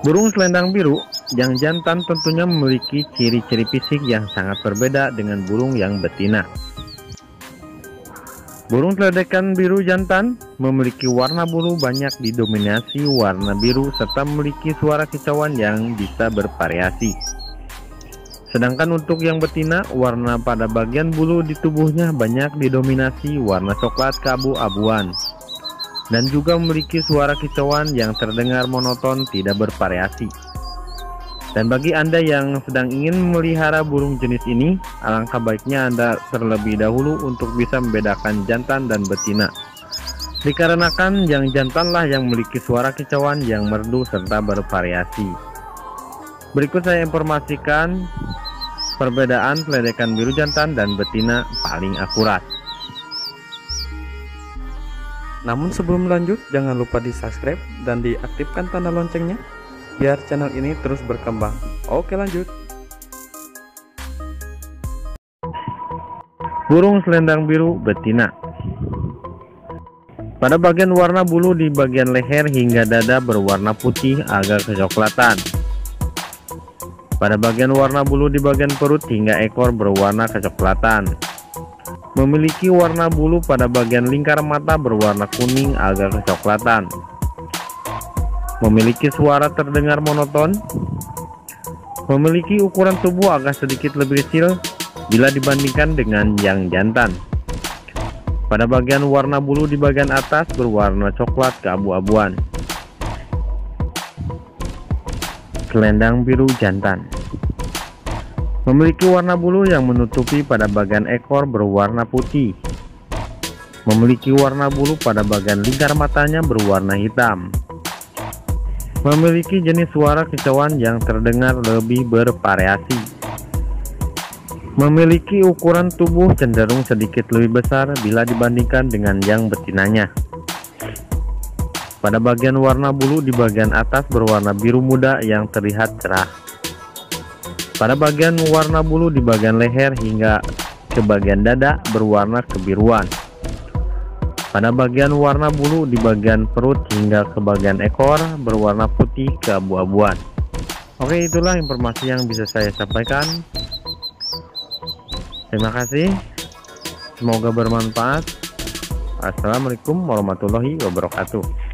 Burung selendang biru yang jantan tentunya memiliki ciri-ciri fisik yang sangat berbeda dengan burung yang betina. Burung teledekan biru jantan memiliki warna bulu banyak didominasi warna biru serta memiliki suara kicauan yang bisa bervariasi. Sedangkan untuk yang betina, warna pada bagian bulu di tubuhnya banyak didominasi warna coklat kabu abuan dan juga memiliki suara kicauan yang terdengar monoton tidak bervariasi. Dan bagi Anda yang sedang ingin memelihara burung jenis ini, alangkah baiknya Anda terlebih dahulu untuk bisa membedakan jantan dan betina. Dikarenakan yang jantanlah yang memiliki suara kicauan yang merdu serta bervariasi. Berikut saya informasikan perbedaan peledekan biru jantan dan betina paling akurat. Namun sebelum lanjut, jangan lupa di subscribe dan diaktifkan tanda loncengnya biar channel ini terus berkembang. Oke lanjut. Burung selendang biru betina Pada bagian warna bulu di bagian leher hingga dada berwarna putih agak kecoklatan. Pada bagian warna bulu di bagian perut hingga ekor berwarna kecoklatan. Memiliki warna bulu pada bagian lingkar mata berwarna kuning agak kecoklatan. Memiliki suara terdengar monoton. Memiliki ukuran tubuh agak sedikit lebih kecil bila dibandingkan dengan yang jantan. Pada bagian warna bulu di bagian atas berwarna coklat keabu-abuan. Selendang biru jantan. Memiliki warna bulu yang menutupi pada bagian ekor berwarna putih. Memiliki warna bulu pada bagian lingkar matanya berwarna hitam. Memiliki jenis suara kicauan yang terdengar lebih bervariasi. Memiliki ukuran tubuh cenderung sedikit lebih besar bila dibandingkan dengan yang betinanya. Pada bagian warna bulu di bagian atas berwarna biru muda yang terlihat cerah. Pada bagian warna bulu di bagian leher hingga ke bagian dada berwarna kebiruan. Pada bagian warna bulu di bagian perut hingga ke bagian ekor berwarna putih keabu-abuan. Oke, itulah informasi yang bisa saya sampaikan. Terima kasih. Semoga bermanfaat. Assalamualaikum warahmatullahi wabarakatuh.